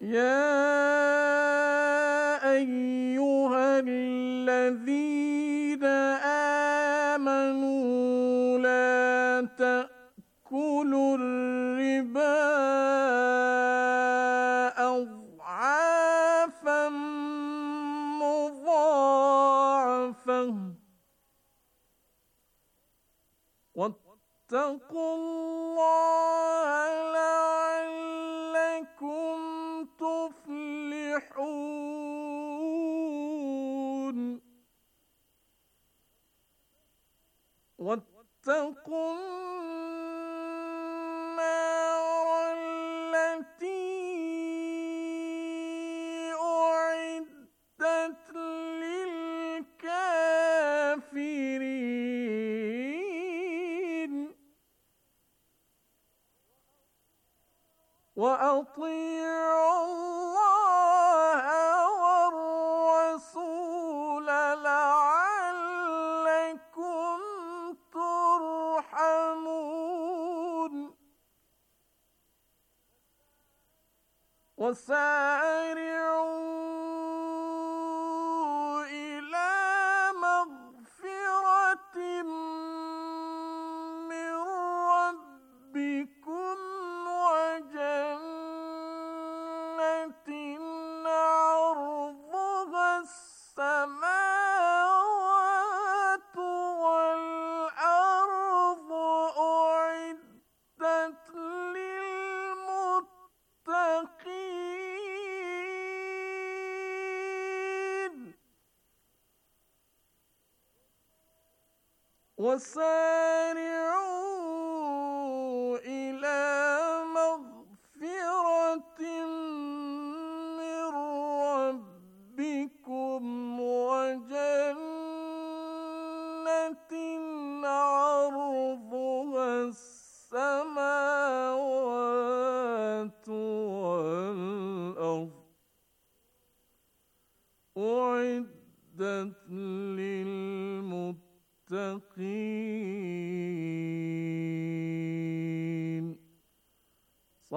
Yeah. وسارعوا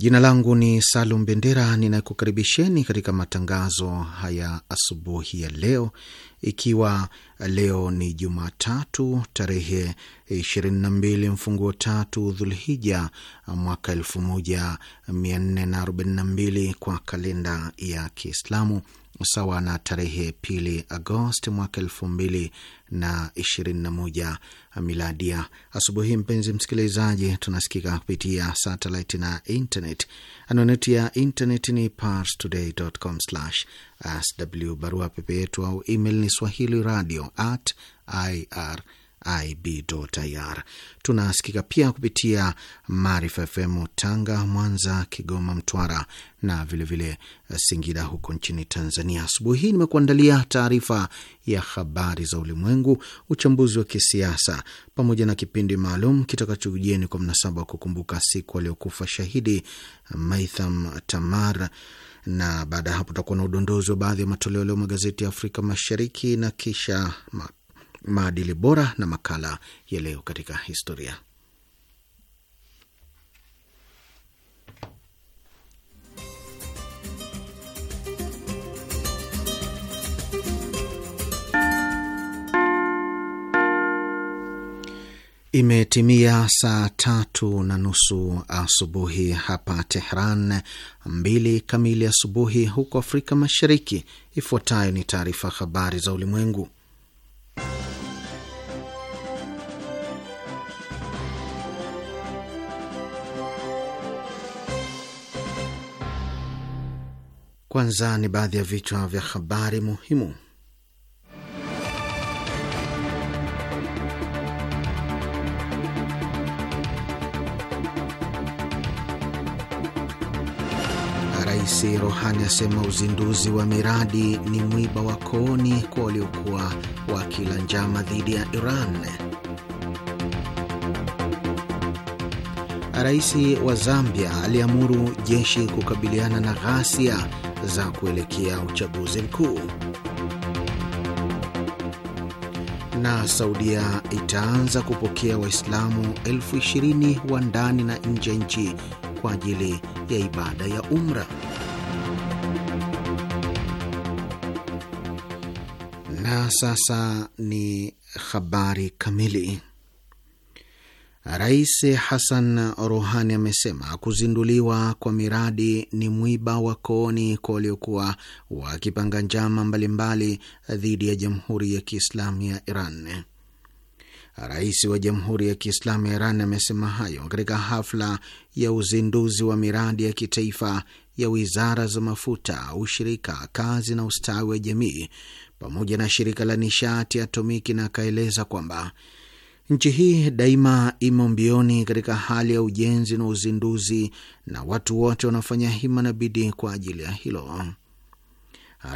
Jina langu ni Salum Bendera, ninakukaribisheni katika matangazo haya asubuhi ya leo, ikiwa leo ni Jumatatu tarehe 22 mfunguo tatu Dhulhija mwaka 1442 kwa kalenda ya Kiislamu sawa na tarehe pili Agosti mwaka elfu mbili na ishirini na moja miladia. Asubuhi mpenzi msikilizaji, tunasikika kupitia satelit na internet. Anwani ya internet ni parstoday.com/sw. Barua pepe yetu au email ni swahili radio at ir IB.ir. Tunasikika pia kupitia Maarifa FM Tanga, Mwanza, Kigoma, Mtwara na vilevile vile eh, Singida huko nchini Tanzania. Asubuhi hii nimekuandalia taarifa ya habari za ulimwengu, uchambuzi wa kisiasa, pamoja na kipindi maalum kitakachojieni kwa mnasaba wa kukumbuka siku aliyokufa shahidi Maitham Tamar na baada ya hapo tutakuwa na udondozi wa baadhi ya matoleo leo magazeti ya Afrika Mashariki na kisha maadili bora na makala ya leo katika historia. Imetimia saa tatu na nusu asubuhi hapa Tehran, mbili kamili asubuhi huko Afrika Mashariki. Ifuatayo ni taarifa habari za ulimwengu. Kwanza ni baadhi ya vichwa vya habari muhimu. Rais Rohani asema uzinduzi wa miradi ni mwiba wa kooni kwa waliokuwa wakila njama dhidi ya Iran. Rais wa Zambia aliamuru jeshi kukabiliana na ghasia za kuelekea uchaguzi mkuu. Na Saudia itaanza kupokea Waislamu elfu ishirini wa ndani na nje ya nchi kwa ajili ya ibada ya umra. Na sasa ni habari kamili. Rais Hassan Rouhani amesema kuzinduliwa kwa miradi ni mwiba wa kooni kwa waliokuwa wakipanga njama mbalimbali dhidi ya Jamhuri ya Kiislamu ya Iran. Rais wa Jamhuri ya Kiislamu ya Iran amesema hayo katika hafla ya uzinduzi wa miradi ya kitaifa ya wizara za mafuta, ushirika, kazi na ustawi wa jamii pamoja na shirika la nishati atomiki, na akaeleza kwamba Nchi hii daima imo mbioni katika hali ya ujenzi na uzinduzi, na watu wote wanafanya hima na bidii kwa ajili ya hilo.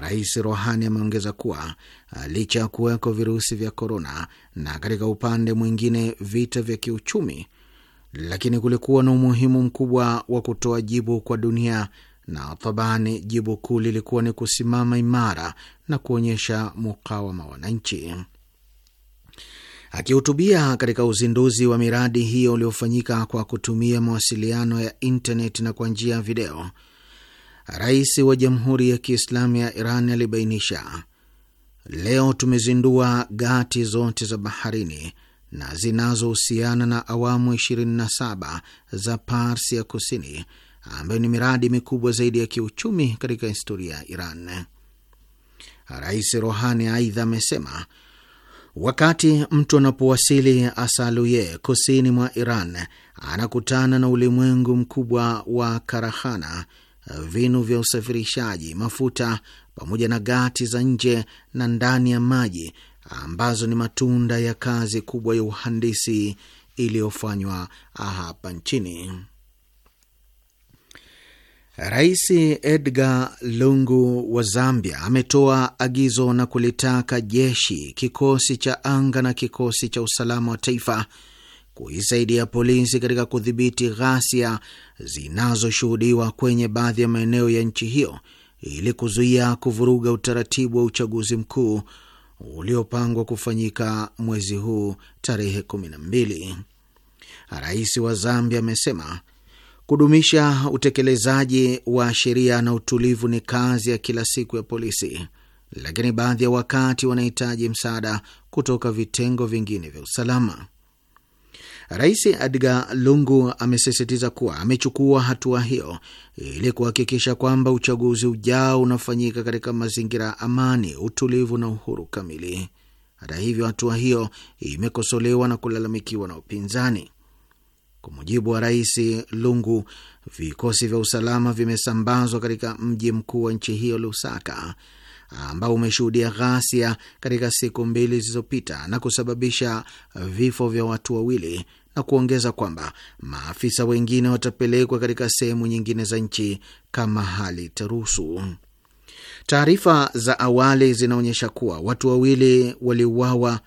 Rais Rohani ameongeza kuwa licha ya kuweko virusi vya korona na katika upande mwingine vita vya kiuchumi, lakini kulikuwa na umuhimu mkubwa wa kutoa jibu kwa dunia, na thabani jibu kuu lilikuwa ni kusimama imara na kuonyesha mukawama wananchi. Akihutubia katika uzinduzi wa miradi hiyo uliofanyika kwa kutumia mawasiliano ya intaneti na kwa njia ya video, Rais wa Jamhuri ya Kiislamu ya Iran alibainisha, leo tumezindua gati zote za baharini na zinazohusiana na awamu 27 za Pars ya Kusini, ambayo ni miradi mikubwa zaidi ya kiuchumi katika historia ya Iran. Rais Rohani aidha amesema Wakati mtu anapowasili Asaluye kusini mwa Iran, anakutana na ulimwengu mkubwa wa karahana, vinu vya usafirishaji mafuta, pamoja na gati za nje na ndani ya maji ambazo ni matunda ya kazi kubwa ya uhandisi iliyofanywa hapa nchini. Rais Edgar Lungu wa Zambia ametoa agizo na kulitaka jeshi, kikosi cha anga na kikosi cha usalama wa taifa kuisaidia polisi katika kudhibiti ghasia zinazoshuhudiwa kwenye baadhi ya maeneo ya nchi hiyo ili kuzuia kuvuruga utaratibu wa uchaguzi mkuu uliopangwa kufanyika mwezi huu tarehe 12. Rais wa Zambia amesema Kudumisha utekelezaji wa sheria na utulivu ni kazi ya kila siku ya polisi, lakini baadhi ya wakati wanahitaji msaada kutoka vitengo vingine vya usalama. Rais Edgar Lungu amesisitiza kuwa amechukua hatua hiyo ili kuhakikisha kwamba uchaguzi ujao unafanyika katika mazingira ya amani, utulivu na uhuru kamili. Hata hivyo, hatua hiyo imekosolewa na kulalamikiwa na upinzani. Kwa mujibu wa Rais Lungu, vikosi vya usalama vimesambazwa katika mji mkuu wa nchi hiyo Lusaka, ambao umeshuhudia ghasia katika siku mbili zilizopita na kusababisha vifo vya watu wawili na kuongeza kwamba maafisa wengine watapelekwa katika sehemu nyingine za nchi kama hali itaruhusu. Taarifa za awali zinaonyesha kuwa watu wawili waliuawa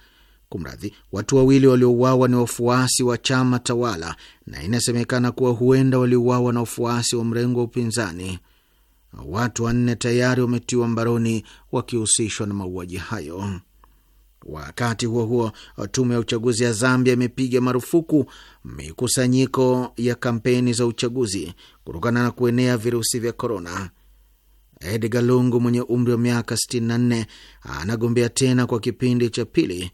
Kumradhi, watu wawili waliouawa ni wafuasi wa chama tawala na inasemekana kuwa huenda waliuawa na wafuasi wa mrengo wa upinzani. Watu wanne tayari wametiwa mbaroni wakihusishwa na mauaji hayo. Wakati huo huo, tume ya uchaguzi ya Zambia imepiga marufuku mikusanyiko ya kampeni za uchaguzi kutokana na kuenea virusi vya korona. Edgar Lungu mwenye umri wa miaka 64 anagombea tena kwa kipindi cha pili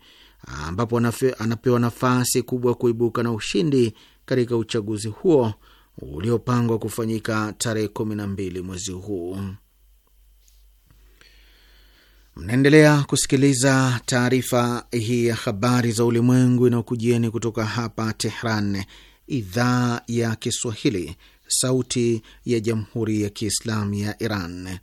ambapo anapewa nafasi kubwa ya kuibuka na ushindi katika uchaguzi huo uliopangwa kufanyika tarehe kumi na mbili mwezi huu. Mnaendelea kusikiliza taarifa hii ya habari za ulimwengu inayokujieni kutoka hapa Tehran, idhaa ya Kiswahili, sauti ya jamhuri ya kiislamu ya Iran.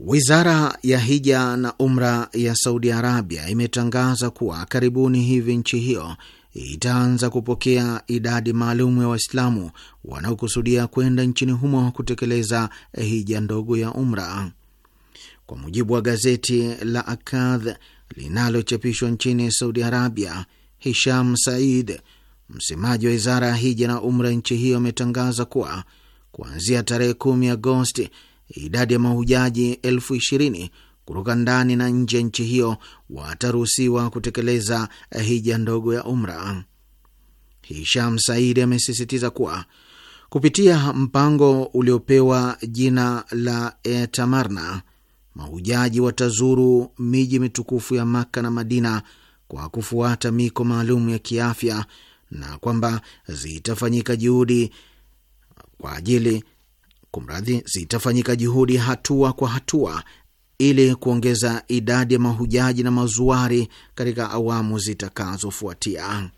Wizara ya hija na umra ya Saudi Arabia imetangaza kuwa karibuni hivi nchi hiyo itaanza kupokea idadi maalum ya Waislamu wanaokusudia kwenda nchini humo kutekeleza hija ndogo ya umra. Kwa mujibu wa gazeti la Akadh linalochapishwa nchini Saudi Arabia, Hisham Said, msemaji wa wizara ya hija na umra nchi hiyo, ametangaza kuwa kuanzia tarehe 10 Agosti idadi ya mahujaji elfu ishirini kutoka ndani na nje ya nchi hiyo wataruhusiwa kutekeleza hija ndogo ya umra. Hisham Saidi amesisitiza kuwa kupitia mpango uliopewa jina la Etamarna, mahujaji watazuru miji mitukufu ya Makka na Madina kwa kufuata miko maalum ya kiafya na kwamba zitafanyika juhudi kwa ajili Kumradhi, zitafanyika juhudi hatua kwa hatua ili kuongeza idadi ya mahujaji na mazuari katika awamu zitakazofuatia.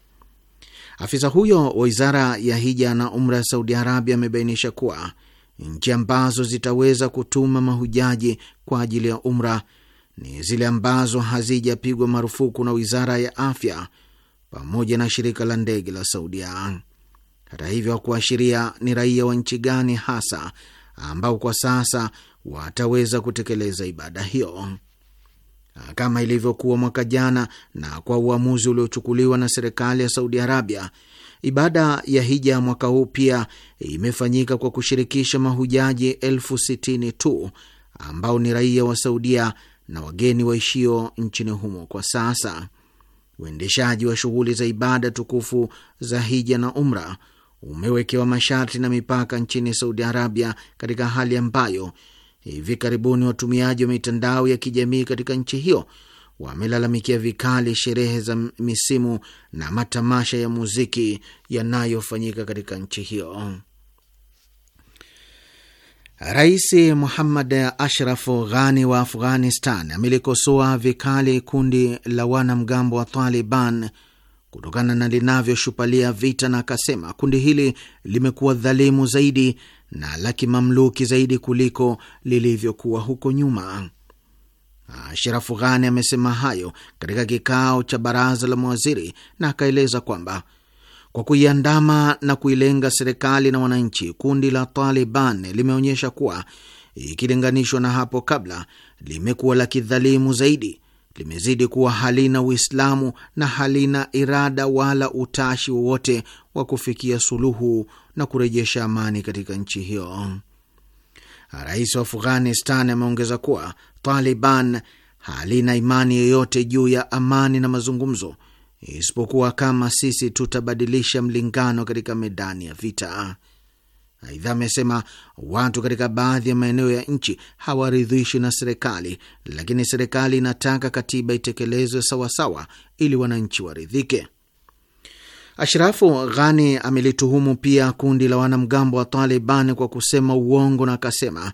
Afisa huyo wa wizara ya hija na umra ya Saudi Arabia amebainisha kuwa nchi ambazo zitaweza kutuma mahujaji kwa ajili ya umra ni zile ambazo hazijapigwa marufuku na wizara ya afya pamoja na shirika la ndege la Saudia. Hata hivyo hakuashiria ni raia wa nchi gani hasa ambao kwa sasa wataweza kutekeleza ibada hiyo kama ilivyokuwa mwaka jana. Na kwa uamuzi uliochukuliwa na serikali ya Saudi Arabia, ibada ya hija mwaka huu pia imefanyika kwa kushirikisha mahujaji elfu sitini tu ambao ni raia wa Saudia na wageni waishio nchini humo kwa sasa. Uendeshaji wa shughuli za ibada tukufu za hija na umra umewekewa masharti na mipaka nchini Saudi Arabia, katika hali ambayo hivi karibuni watumiaji wa mitandao ya kijamii katika nchi hiyo wamelalamikia vikali sherehe za misimu na matamasha ya muziki yanayofanyika katika nchi hiyo. Rais Muhammad Ashraf Ghani wa Afghanistan amelikosoa vikali kundi la wanamgambo wa Taliban kutokana na linavyoshupalia vita, na akasema kundi hili limekuwa dhalimu zaidi na la kimamluki zaidi kuliko lilivyokuwa huko nyuma. Ashrafu Ghani amesema hayo katika kikao cha baraza la mawaziri na akaeleza kwamba kwa kuiandama na kuilenga serikali na wananchi, kundi la Taliban limeonyesha kuwa ikilinganishwa na hapo kabla limekuwa la kidhalimu zaidi limezidi kuwa halina Uislamu na halina irada wala utashi wowote wa kufikia suluhu na kurejesha amani katika nchi hiyo. Rais wa Afghanistan ameongeza kuwa Taliban halina imani yoyote juu ya amani na mazungumzo, isipokuwa kama sisi tutabadilisha mlingano katika medani ya vita. Aidha amesema watu katika baadhi ya maeneo ya nchi hawaridhishwi na serikali, lakini serikali inataka katiba itekelezwe sawasawa ili wananchi waridhike. Ashrafu Ghani amelituhumu pia kundi la wanamgambo wa Taliban kwa kusema uongo na akasema,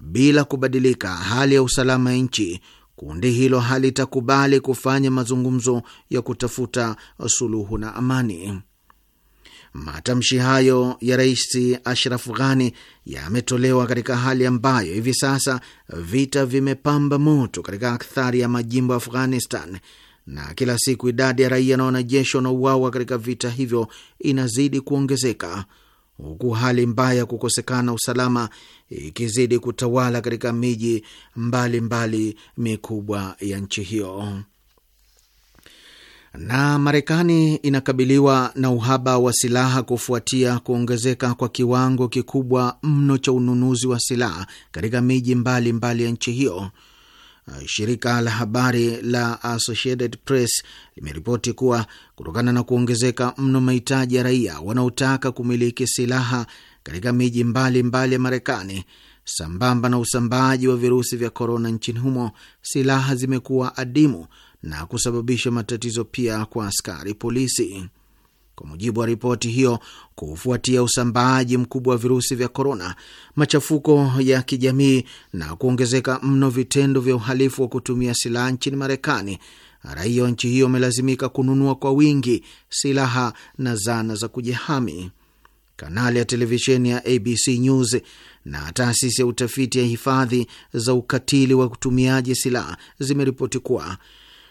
bila kubadilika hali ya usalama ya nchi, kundi hilo halitakubali kufanya mazungumzo ya kutafuta suluhu na amani. Matamshi hayo ya Rais Ashraf Ghani yametolewa katika hali ambayo hivi sasa vita vimepamba moto katika akthari ya majimbo ya Afghanistan, na kila siku idadi ya raia na wanajeshi wanauawa katika vita hivyo inazidi kuongezeka, huku hali mbaya ya kukosekana usalama ikizidi kutawala katika miji mbalimbali mikubwa ya nchi hiyo. Na Marekani inakabiliwa na uhaba wa silaha kufuatia kuongezeka kwa kiwango kikubwa mno cha ununuzi wa silaha katika miji mbalimbali ya nchi hiyo. Shirika la habari la Associated Press limeripoti kuwa kutokana na kuongezeka mno mahitaji ya raia wanaotaka kumiliki silaha katika miji mbalimbali ya Marekani, sambamba na usambaaji wa virusi vya korona nchini humo, silaha zimekuwa adimu na kusababisha matatizo pia kwa askari polisi. Kwa mujibu wa ripoti hiyo, kufuatia usambaaji mkubwa wa virusi vya korona, machafuko ya kijamii na kuongezeka mno vitendo vya uhalifu wa kutumia silaha nchini Marekani, raia wa nchi hiyo wamelazimika kununua kwa wingi silaha na zana za kujihami. Kanali ya televisheni ya ABC News na taasisi ya utafiti ya hifadhi za ukatili wa utumiaji silaha zimeripoti kuwa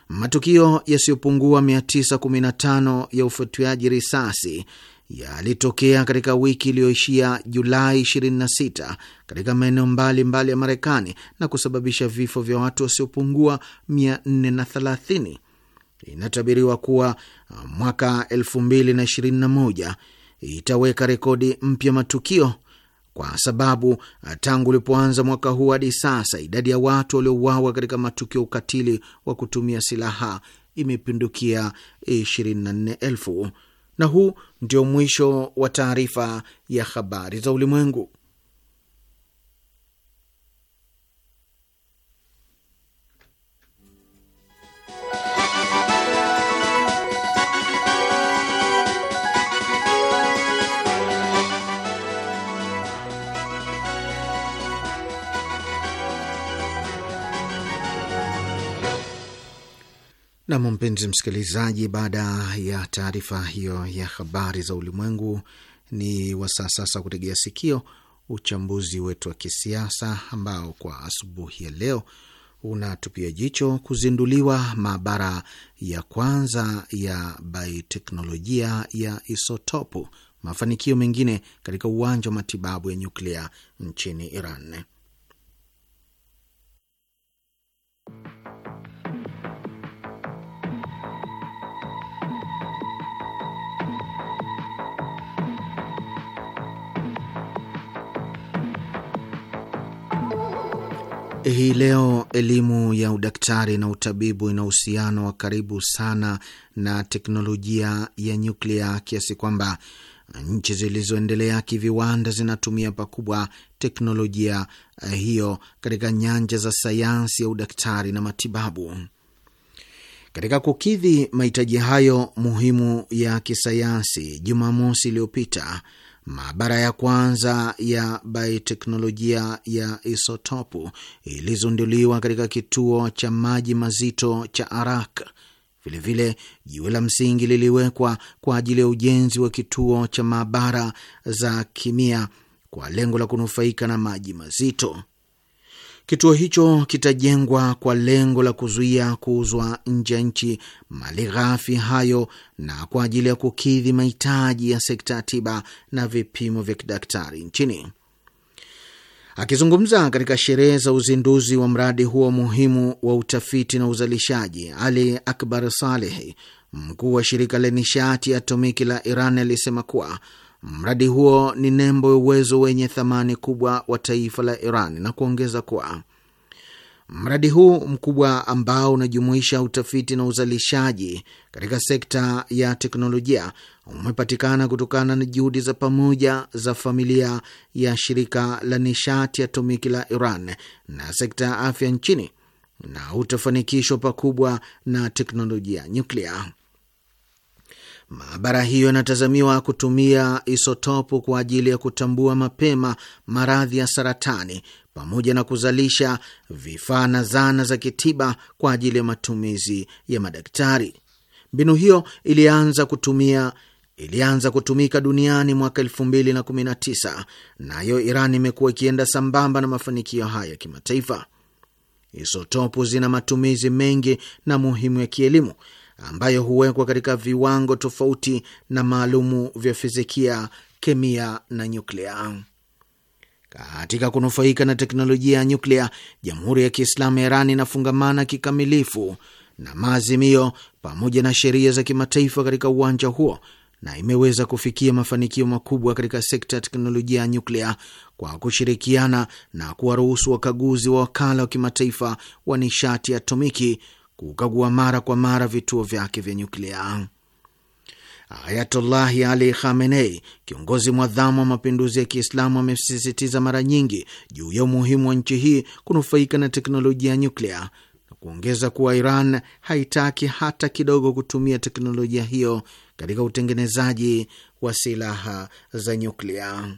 Matukio yasiyopungua 915 ya ufutiaji risasi yalitokea katika wiki iliyoishia Julai 26 katika maeneo mbalimbali ya Marekani na kusababisha vifo vya watu wasiopungua 430. Inatabiriwa kuwa uh, mwaka 2021 itaweka rekodi mpya matukio kwa sababu eh, tangu ulipoanza mwaka huu hadi sasa idadi ya watu waliouawa katika matukio ya ukatili wa kutumia silaha imepindukia 24,000. Na huu ndio mwisho wa taarifa ya habari za ulimwengu. Nam, mpenzi msikilizaji, baada ya taarifa hiyo ya habari za ulimwengu, ni wasaa sasa kutegea sikio uchambuzi wetu wa kisiasa ambao kwa asubuhi ya leo unatupia jicho kuzinduliwa maabara ya kwanza ya bioteknolojia ya isotopu, mafanikio mengine katika uwanja wa matibabu ya nyuklia nchini Iran. Hii leo elimu ya udaktari na utabibu ina uhusiano wa karibu sana na teknolojia ya nyuklia kiasi kwamba nchi zilizoendelea kiviwanda zinatumia pakubwa teknolojia eh, hiyo katika nyanja za sayansi ya udaktari na matibabu. Katika kukidhi mahitaji hayo muhimu ya kisayansi, Jumamosi iliyopita Maabara ya kwanza ya bioteknolojia ya isotopu ilizunduliwa katika kituo cha maji mazito cha Arak. Vilevile, jiwe la msingi liliwekwa kwa ajili ya ujenzi wa kituo cha maabara za kimia kwa lengo la kunufaika na maji mazito. Kituo hicho kitajengwa kwa lengo la kuzuia kuuzwa nje ya nchi mali ghafi hayo na kwa ajili ya kukidhi mahitaji ya sekta ya tiba na vipimo vya kidaktari nchini. Akizungumza katika sherehe za uzinduzi wa mradi huo muhimu wa utafiti na uzalishaji, Ali Akbar Salehi, mkuu wa shirika la nishati atomiki la Iran, alisema kuwa Mradi huo ni nembo ya uwezo wenye thamani kubwa wa taifa la Iran na kuongeza kuwa mradi huu mkubwa ambao unajumuisha utafiti na uzalishaji katika sekta ya teknolojia umepatikana kutokana na juhudi za pamoja za familia ya shirika la nishati atomiki la Iran na sekta ya afya nchini na utafanikishwa pakubwa na teknolojia nyuklia. Maabara hiyo inatazamiwa kutumia isotopu kwa ajili ya kutambua mapema maradhi ya saratani pamoja na kuzalisha vifaa na zana za kitiba kwa ajili ya matumizi ya madaktari. Mbinu hiyo ilianza kutumia ilianza kutumika duniani mwaka 219 nayo Iran imekuwa ikienda sambamba na mafanikio hayo ya kimataifa. Isotopu zina matumizi mengi na muhimu ya kielimu ambayo huwekwa katika viwango tofauti na maalumu vya fizikia, kemia na nyuklia. Katika kunufaika na teknolojia ya nyuklia, Jamhuri ya Kiislamu ya Iran inafungamana kikamilifu na maazimio pamoja na sheria za kimataifa katika uwanja huo na imeweza kufikia mafanikio makubwa katika sekta ya teknolojia ya nyuklia kwa kushirikiana na kuwaruhusu wakaguzi wa wakala wa kimataifa wa nishati atomiki kukagua mara kwa mara vituo vyake vya nyuklia. Ayatullahi Ali Khamenei, kiongozi mwadhamu wa mapinduzi ya Kiislamu, amesisitiza mara nyingi juu ya umuhimu wa nchi hii kunufaika na teknolojia ya nyuklia na kuongeza kuwa Iran haitaki hata kidogo kutumia teknolojia hiyo katika utengenezaji wa silaha za nyuklia.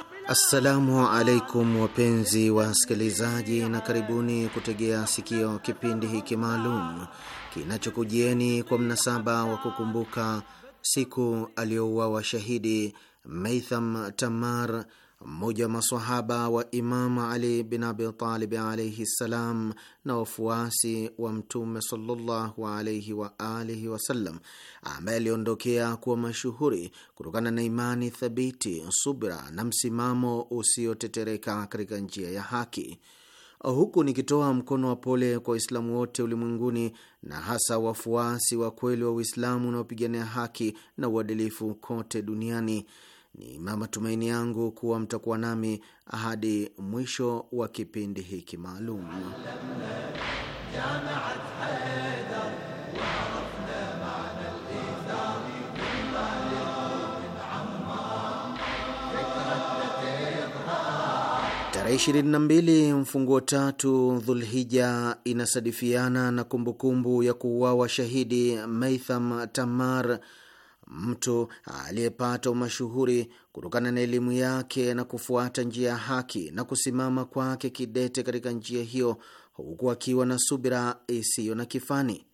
Assalamu alaikum wapenzi wa wasikilizaji, na karibuni kutegea sikio kipindi hiki maalum kinachokujieni kwa mnasaba wa kukumbuka siku aliyouawa shahidi Maitham Tamar mmoja wa masahaba wa Imamu Ali bin Abitalib alaihi ssalam na wafuasi wa Mtume sallallahu alaihi wa alihi wasallam, ambaye aliondokea kuwa mashuhuri kutokana na imani thabiti, subra na msimamo usiotetereka katika njia ya haki, huku nikitoa mkono wa pole kwa Waislamu wote ulimwenguni na hasa wafuasi wa kweli wa Uislamu unaopigania haki na uadilifu kote duniani ni matumaini yangu kuwa mtakuwa nami hadi mwisho wa kipindi hiki maalum. Tarehe 22 mfunguo tatu Dhulhija inasadifiana na kumbukumbu ya kuuawa shahidi Maitham Tamar mtu aliyepata umashuhuri kutokana na elimu yake na kufuata njia ya haki na kusimama kwake kidete katika njia hiyo, huku akiwa na subira isiyo na kifani.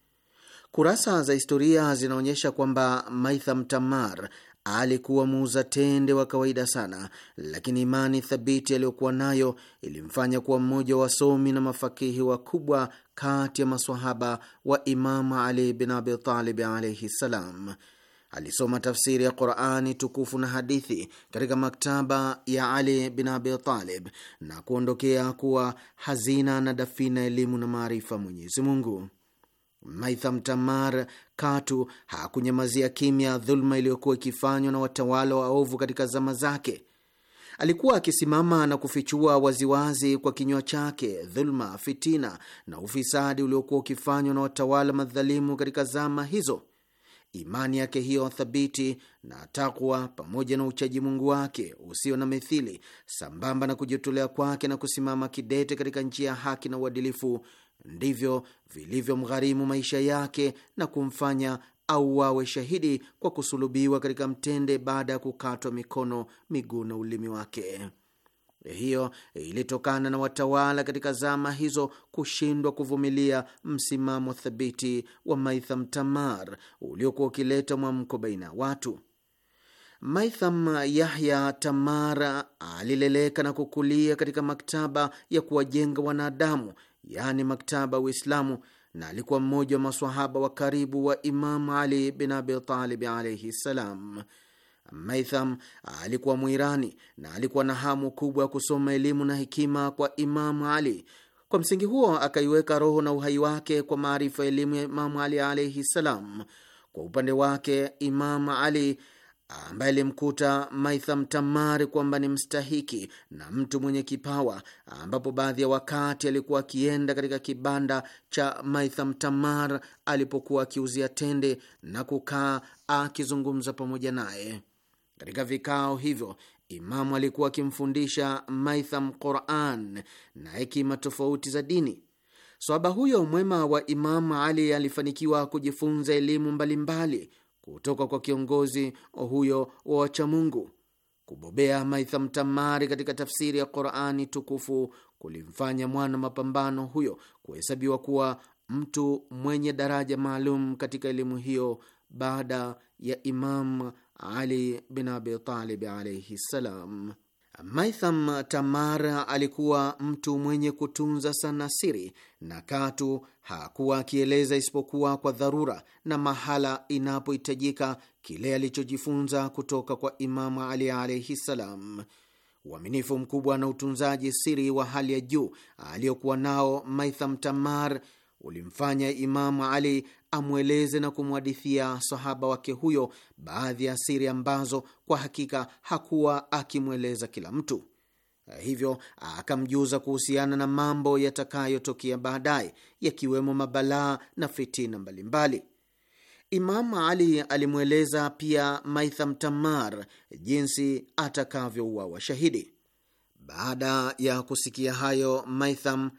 Kurasa za historia zinaonyesha kwamba Maitham Tamar alikuwa muuza tende wa kawaida sana, lakini imani thabiti aliyokuwa nayo ilimfanya kuwa mmoja wa wasomi na mafakihi wakubwa kati ya maswahaba wa Imamu Ali bin Abitalib alaihi ssalam alisoma tafsiri ya Qurani tukufu na hadithi katika maktaba ya Ali bin Abi Talib na kuondokea kuwa hazina na dafina elimu na maarifa Mwenyezi Mungu. Maitham Tamar katu hakunyamazia kimya dhuluma iliyokuwa ikifanywa na watawala waovu katika zama zake. Alikuwa akisimama na kufichua waziwazi kwa kinywa chake dhuluma, fitina na ufisadi uliokuwa ukifanywa na watawala madhalimu katika zama hizo. Imani yake hiyo thabiti na takwa pamoja na uchaji Mungu wake usio na mithili, sambamba na kujitolea kwake na kusimama kidete katika njia ya haki na uadilifu, ndivyo vilivyomgharimu maisha yake na kumfanya au wawe shahidi kwa kusulubiwa katika mtende baada ya kukatwa mikono, miguu na ulimi wake hiyo ilitokana na watawala katika zama hizo kushindwa kuvumilia msimamo thabiti wa Maitham Tamar uliokuwa ukileta mwamko baina ya watu. Maitham Yahya Tamar alileleka na kukulia katika maktaba ya kuwajenga wanadamu, yaani maktaba Uislamu, na alikuwa mmoja wa maswahaba wa karibu wa Imamu Ali bin Abi Talib alaihi ssalam. Maitham ah, alikuwa Mwirani na alikuwa na hamu kubwa ya kusoma elimu na hekima kwa Imamu Ali. Kwa msingi huo akaiweka roho na uhai wake kwa maarifa ya elimu ya Imamu Ali alaihi ssalam. Kwa upande wake, Imamu Ali ah, ambaye alimkuta Maitham Tamari kwamba ni mstahiki na mtu mwenye kipawa, ah, ambapo baadhi ya wakati alikuwa akienda katika kibanda cha Maitham Tamar alipokuwa akiuzia tende na kukaa akizungumza pamoja naye. Katika vikao hivyo Imamu alikuwa akimfundisha Maitham Quran na hekima tofauti za dini. swaba huyo mwema wa Imamu Ali alifanikiwa kujifunza elimu mbalimbali kutoka kwa kiongozi huyo wa wachamungu. Kubobea Maitham Tamari katika tafsiri ya Qurani tukufu kulimfanya mwana mapambano huyo kuhesabiwa kuwa mtu mwenye daraja maalum katika elimu hiyo baada ya Imam ali bin Abi Talib alaihi ssalam. Maitham Tamar alikuwa mtu mwenye kutunza sana siri na katu hakuwa akieleza isipokuwa kwa dharura na mahala inapohitajika kile alichojifunza kutoka kwa Imamu Ali alaihi ssalam. Uaminifu mkubwa na utunzaji siri wa hali ya juu aliyokuwa nao Maitham Tamar ulimfanya Imamu Ali amweleze na kumwadithia sahaba wake huyo baadhi ya siri ambazo kwa hakika hakuwa akimweleza kila mtu. Eh, hivyo akamjuza kuhusiana na mambo yatakayotokea baadaye, yakiwemo mabalaa na fitina mbalimbali. Imam Ali alimweleza pia Maitham Tamar jinsi atakavyouawa shahidi. Baada ya kusikia hayo Maitham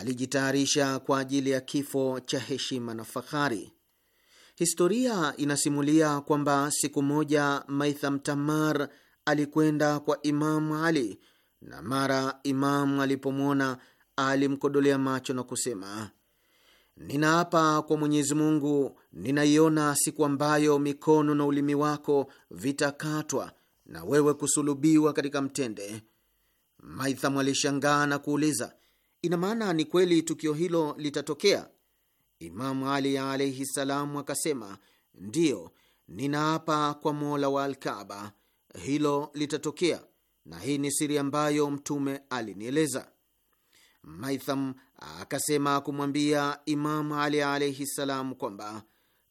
alijitayarisha kwa ajili ya kifo cha heshima na fahari. Historia inasimulia kwamba siku moja Maitham Tamar alikwenda kwa Imamu Ali na mara Imamu alipomwona alimkodolea macho na kusema, ninaapa kwa Mwenyezi Mungu, ninaiona siku ambayo mikono na ulimi wako vitakatwa na wewe kusulubiwa katika mtende. Maitham alishangaa na kuuliza Ina maana ni kweli tukio hilo litatokea? Imamu Ali alaihi salam akasema, ndiyo, ninaapa kwa mola wa Alkaba hilo litatokea, na hii ni siri ambayo Mtume alinieleza. Maitham akasema kumwambia Imamu Ali alaihi salam kwamba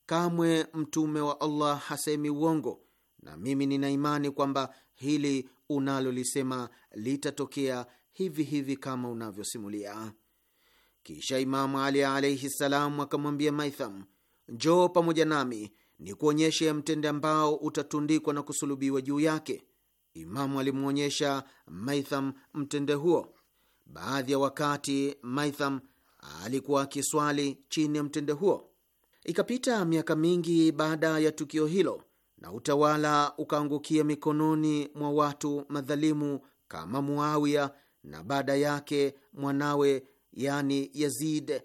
kamwe Mtume wa Allah hasemi uongo, na mimi nina imani kwamba hili unalolisema litatokea hivi hivi kama unavyosimulia. Kisha Imamu Ali alaihi ssalam akamwambia Maitham, njoo pamoja nami ni kuonyeshe mtende ambao utatundikwa na kusulubiwa juu yake. Imamu alimwonyesha Maitham mtende huo. Baadhi ya wakati Maitham alikuwa akiswali chini ya mtende huo. Ikapita miaka mingi baada ya tukio hilo, na utawala ukaangukia mikononi mwa watu madhalimu kama Muawiya na baada yake mwanawe yani Yazid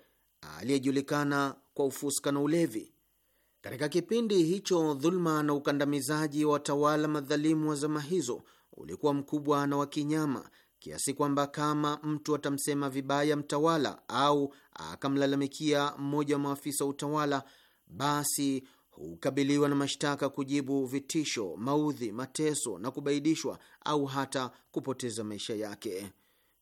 aliyejulikana kwa ufuska na ulevi. Katika kipindi hicho, dhuluma na ukandamizaji wa watawala madhalimu wa zama hizo ulikuwa mkubwa na wa kinyama kiasi kwamba kama mtu atamsema vibaya mtawala au akamlalamikia mmoja wa maafisa wa utawala, basi hukabiliwa na mashtaka, kujibu vitisho, maudhi, mateso na kubaidishwa au hata kupoteza maisha yake.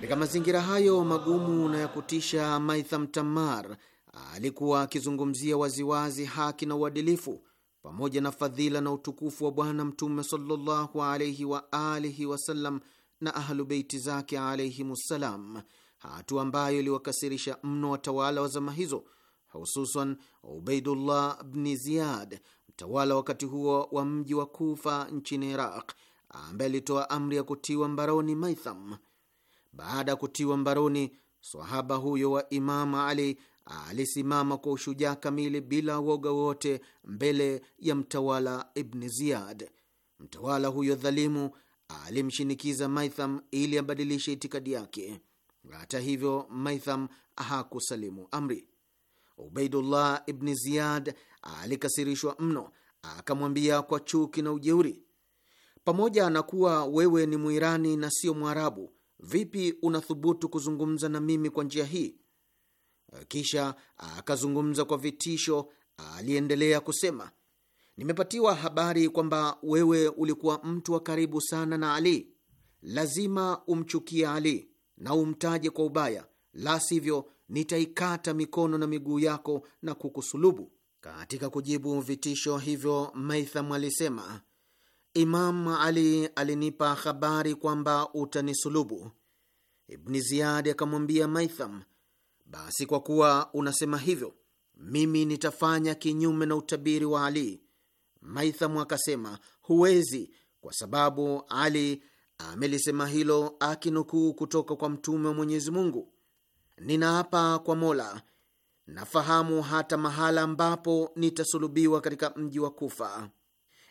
Katika mazingira hayo magumu na ya kutisha, Maitham Tamar alikuwa akizungumzia waziwazi haki na uadilifu pamoja na fadhila na utukufu wa Bwana Mtume sallallahu alaihi wa alihi wasallam na Ahlubeiti zake alaihimussalam, hatua ambayo iliwakasirisha mno watawala wa zama hizo, hususan Ubaidullah bni Ziyad, mtawala wakati huo wa mji wa Kufa nchini Iraq, ambaye alitoa amri ya kutiwa mbaroni Maitham. Baada ya kutiwa mbaroni, swahaba huyo wa Imama Ali alisimama kwa ushujaa kamili bila woga wote mbele ya mtawala Ibni Ziyad. Mtawala huyo dhalimu alimshinikiza Maitham ili abadilishe itikadi yake. Hata hivyo, Maitham hakusalimu amri. Ubaidullah Ibni Ziyad alikasirishwa mno, akamwambia kwa chuki na ujeuri, pamoja na kuwa wewe ni Mwirani na sio Mwarabu, vipi unathubutu kuzungumza na mimi kwa njia hii? Kisha akazungumza kwa vitisho. Aliendelea kusema, nimepatiwa habari kwamba wewe ulikuwa mtu wa karibu sana na Ali. Lazima umchukie Ali na umtaje kwa ubaya, la sivyo nitaikata mikono na miguu yako na kukusulubu. Katika kujibu vitisho hivyo, Maitham alisema Imam Ali alinipa habari kwamba utanisulubu. Ibni Ziyadi akamwambia Maitham, basi kwa kuwa unasema hivyo, mimi nitafanya kinyume na utabiri wa Ali. Maitham akasema, huwezi, kwa sababu Ali amelisema hilo akinukuu kutoka kwa Mtume wa Mwenyezi Mungu. Ninaapa kwa Mola, nafahamu hata mahala ambapo nitasulubiwa katika mji wa Kufa.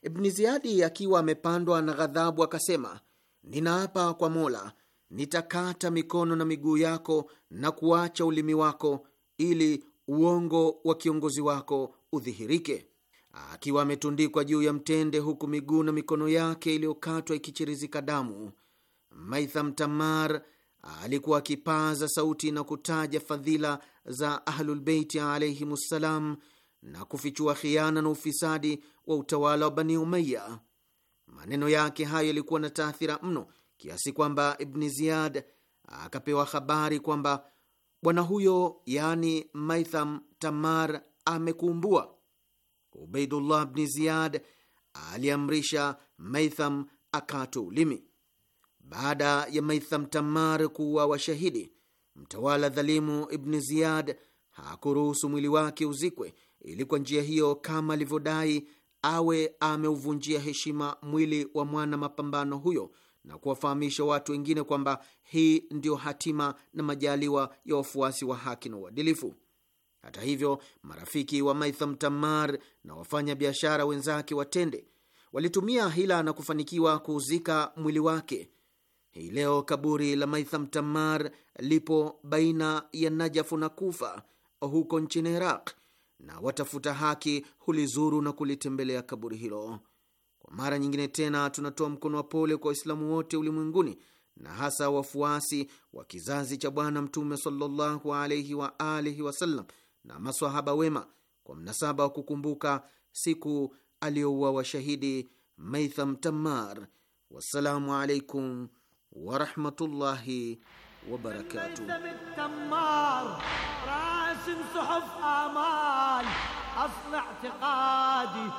Ibni Ziyadi akiwa amepandwa na ghadhabu akasema, ninaapa kwa Mola, nitakata mikono na miguu yako na kuacha ulimi wako ili uongo wa kiongozi wako udhihirike. Akiwa ametundikwa juu ya mtende, huku miguu na mikono yake iliyokatwa ikichirizika damu, Maitham Tamar alikuwa akipaza sauti na kutaja fadhila za Ahlulbeiti alaihimussalam ssalam na kufichua khiana na ufisadi wa utawala wa Bani Umayya. Maneno yake hayo yalikuwa na taathira mno kiasi kwamba Ibni Ziyad akapewa habari kwamba bwana huyo, yaani Maitham Tamar, amekumbua. Ubeidullah Bni Ziyad aliamrisha Maitham akate ulimi. Baada ya Maitham Tamar kuwa washahidi, mtawala dhalimu Ibni Ziyad hakuruhusu mwili wake uzikwe ili kwa njia hiyo, kama alivyodai, awe ameuvunjia heshima mwili wa mwana mapambano huyo na kuwafahamisha watu wengine kwamba hii ndiyo hatima na majaliwa ya wafuasi wa haki na uadilifu. Hata hivyo, marafiki wa Maitham Tamar na wafanya biashara wenzake watende walitumia hila na kufanikiwa kuuzika mwili wake. Hii leo kaburi la Maitham Tamar lipo baina ya Najafu na Kufa huko nchini Iraq na watafuta haki hulizuru na kulitembelea kaburi hilo. Kwa mara nyingine tena, tunatoa mkono wa pole kwa Waislamu wote ulimwenguni na hasa wafuasi wa kizazi cha Bwana Mtume sallallahu alaihi wa alihi wasallam na maswahaba wema kwa mnasaba wa kukumbuka siku aliyoua washahidi Maitham Tamar. Wassalamu alaikum warahmatullahi wabarakatuh. أرسم صحف آمال أصنع اعتقادي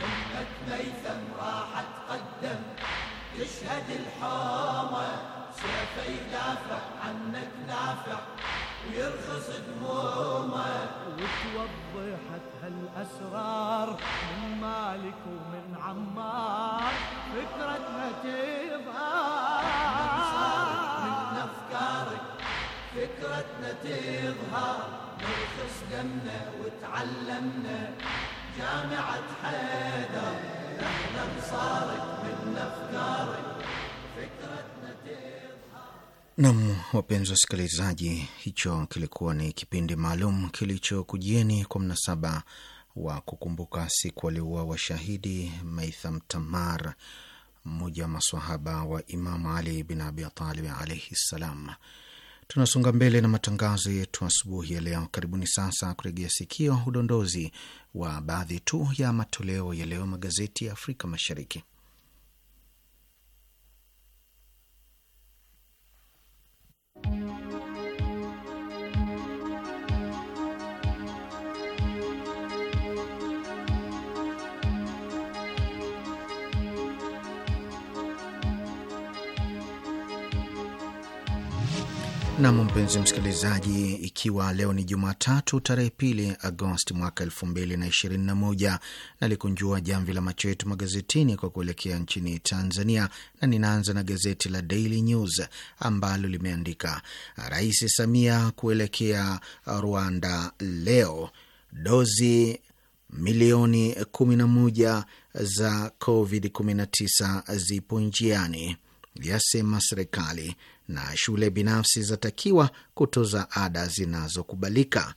أمة ميثم راحت قدم تشهد الحومة سيفه يدافع عنك نافع ويرخص دمومه وتوضحت هالأسرار من مالك ومن عمار فكرتها تظهر من أفكارك فكرتنا تظهر Nam, wapenzi wasikilizaji, hicho kilikuwa ni kipindi maalum kilichokujieni kwa mnasaba wa kukumbuka siku waliouawa washahidi Maitham Tamar, mmoja wa maswahaba wa Imamu Ali bin Abi Talib alaihi ssalam. Tunasonga mbele na matangazo yetu asubuhi ya leo. Karibuni sasa kuregea sikio udondozi wa baadhi tu ya matoleo ya leo magazeti ya Afrika Mashariki. Nam, mpenzi msikilizaji, ikiwa leo ni Jumatatu tarehe pili Agosti mwaka elfu mbili na ishirini na moja nalikunjua jamvi la macho yetu magazetini kwa kuelekea nchini Tanzania, na ninaanza na gazeti la Daily News ambalo limeandika Rais Samia kuelekea Rwanda leo, dozi milioni kumi na moja za COVID 19 zipo njiani yasema serikali na shule binafsi zatakiwa kutoza ada zinazokubalika.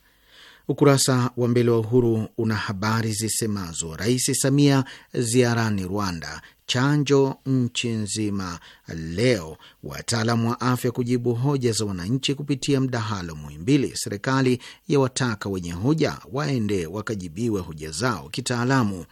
Ukurasa wa mbele wa Uhuru una habari zisemazo: Rais Samia ziarani Rwanda, chanjo nchi nzima leo, wataalamu wa afya kujibu hoja za wananchi kupitia mdahalo Muhimbili, serikali yawataka wenye hoja waende wakajibiwe hoja zao kitaalamu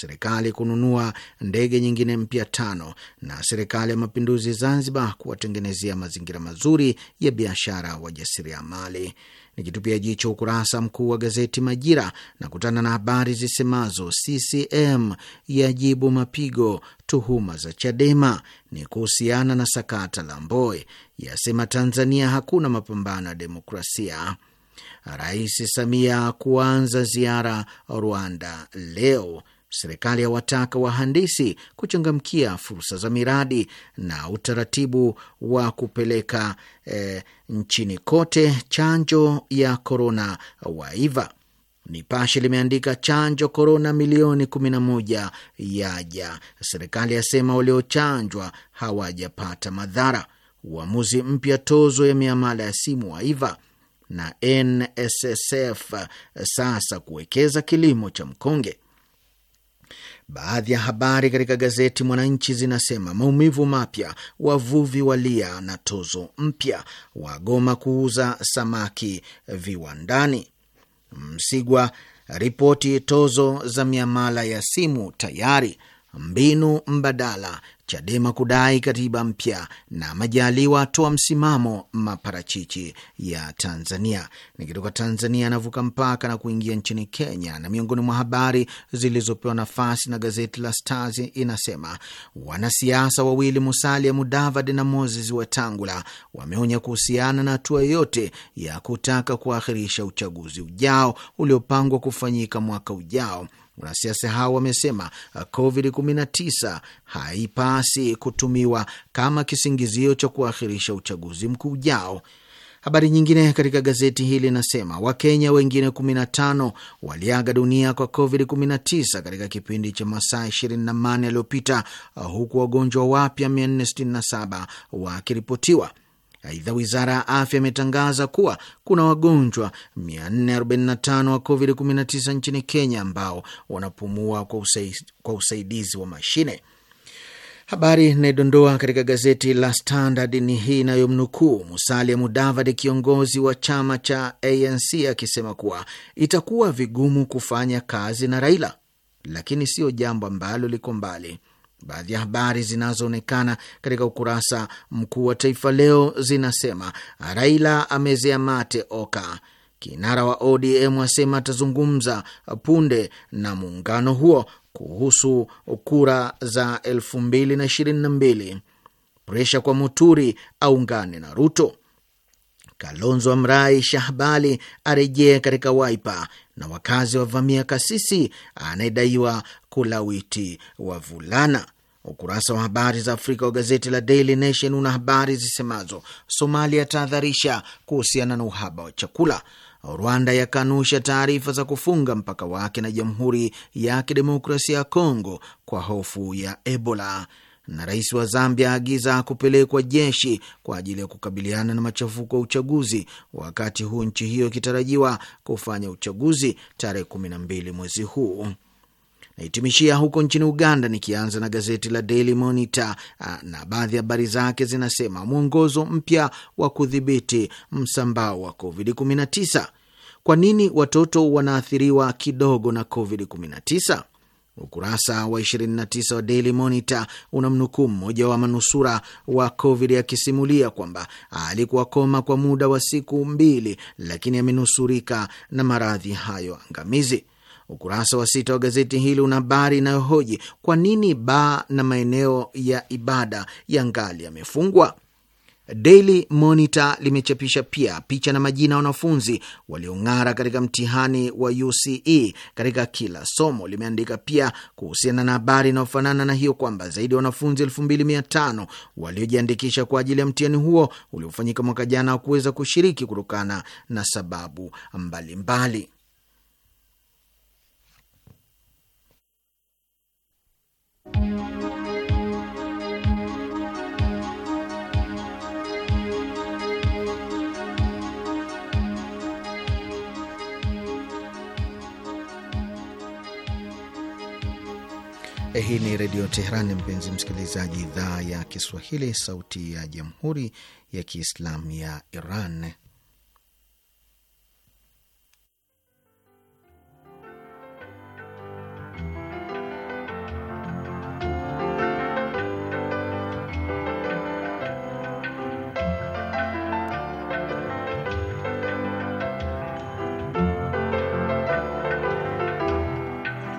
serikali kununua ndege nyingine mpya tano na serikali ya mapinduzi Zanzibar kuwatengenezea mazingira mazuri ya biashara wajasiriamali. Nikitupia jicho ukurasa mkuu wa gazeti Majira na kutana na habari zisemazo CCM yajibu mapigo tuhuma za Chadema ni kuhusiana na sakata la Mboe, yasema Tanzania hakuna mapambano ya demokrasia. Rais Samia kuanza ziara Rwanda leo serikali yawataka wahandisi kuchangamkia fursa za miradi na utaratibu wa kupeleka e, nchini kote chanjo ya korona waiva. Nipashe limeandika chanjo korona milioni 11 yaja, serikali yasema waliochanjwa hawajapata madhara. Uamuzi mpya tozo ya miamala ya simu waiva na NSSF sasa kuwekeza kilimo cha mkonge. Baadhi ya habari katika gazeti Mwananchi zinasema maumivu mapya, wavuvi walia na tozo mpya, wagoma kuuza samaki viwandani, Msigwa ripoti tozo za miamala ya simu tayari, mbinu mbadala Chadema kudai katiba mpya na Majaliwa atoa msimamo maparachichi ya Tanzania. Nikitoka Tanzania anavuka mpaka na kuingia nchini Kenya, na miongoni mwa habari zilizopewa nafasi na gazeti la Stars inasema wanasiasa wawili Musalia Mudavadi na Moses Wetangula wameonya kuhusiana na hatua yoyote ya kutaka kuahirisha uchaguzi ujao uliopangwa kufanyika mwaka ujao Wanasiasa hao wamesema uh, COVID-19 haipasi kutumiwa kama kisingizio cha kuahirisha uchaguzi mkuu ujao. Habari nyingine katika gazeti hili inasema Wakenya wengine 15 waliaga dunia kwa COVID-19 katika kipindi cha masaa 24 yaliyopita, uh, huku wagonjwa wapya 467 wakiripotiwa. Aidha, wizara ya afya imetangaza kuwa kuna wagonjwa 445 wa COVID-19 nchini Kenya ambao wanapumua kwa, usai, kwa usaidizi wa mashine. Habari inayodondoa katika gazeti la Standard ni hii inayomnukuu Musalia Mudavadi, kiongozi wa chama cha ANC, akisema kuwa itakuwa vigumu kufanya kazi na Raila, lakini sio jambo ambalo liko mbali. Baadhi ya habari zinazoonekana katika ukurasa mkuu wa Taifa Leo zinasema Raila amezea mate Oka, kinara wa ODM asema atazungumza punde na muungano huo kuhusu kura za elfu mbili na ishirini na mbili. Presha kwa Muturi aungane na Ruto. Kalonzo amrai Shahbali arejee katika Waipa na wakazi wavamia kasisi anayedaiwa kulawiti wavulana. Ukurasa wa habari za Afrika wa gazeti la Daily Nation una habari zisemazo: Somalia tahadharisha kuhusiana na uhaba wa chakula. Rwanda yakanusha taarifa za kufunga mpaka wake na Jamhuri ya Kidemokrasia ya Kongo kwa hofu ya Ebola na rais wa Zambia aagiza kupelekwa jeshi kwa ajili ya kukabiliana na machafuko ya uchaguzi, wakati huu nchi hiyo ikitarajiwa kufanya uchaguzi tarehe kumi na mbili mwezi huu. Naitimishia huko nchini Uganda, nikianza na gazeti la Daily Monitor ah, na baadhi ya habari zake zinasema: mwongozo mpya wa kudhibiti msambao wa COVID-19, kwa nini watoto wanaathiriwa kidogo na COVID-19? Ukurasa wa 29 wa Daily Monitor unamnukuu mmoja wa manusura wa Covid akisimulia kwamba alikuwa koma kwa muda wa siku mbili, lakini amenusurika na maradhi hayo angamizi. Ukurasa wa sita wa gazeti hili una habari inayohoji kwa nini baa na maeneo ya ibada ya ngali yamefungwa. Daily Monitor limechapisha pia picha na majina ya wanafunzi waliong'ara katika mtihani wa UCE katika kila somo. Limeandika pia kuhusiana na habari inayofanana na hiyo kwamba zaidi ya wanafunzi 2500 waliojiandikisha kwa ajili ya mtihani huo uliofanyika mwaka jana wa kuweza kushiriki kutokana na sababu mbalimbali mbali. Hii ni Redio Teheran, mpenzi msikilizaji, idhaa ya Kiswahili, sauti ya jamhuri ya Kiislamu ya Iran.